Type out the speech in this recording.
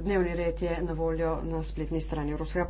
Dnevni red je na voljo na spletni strani Evropskega parlamenta.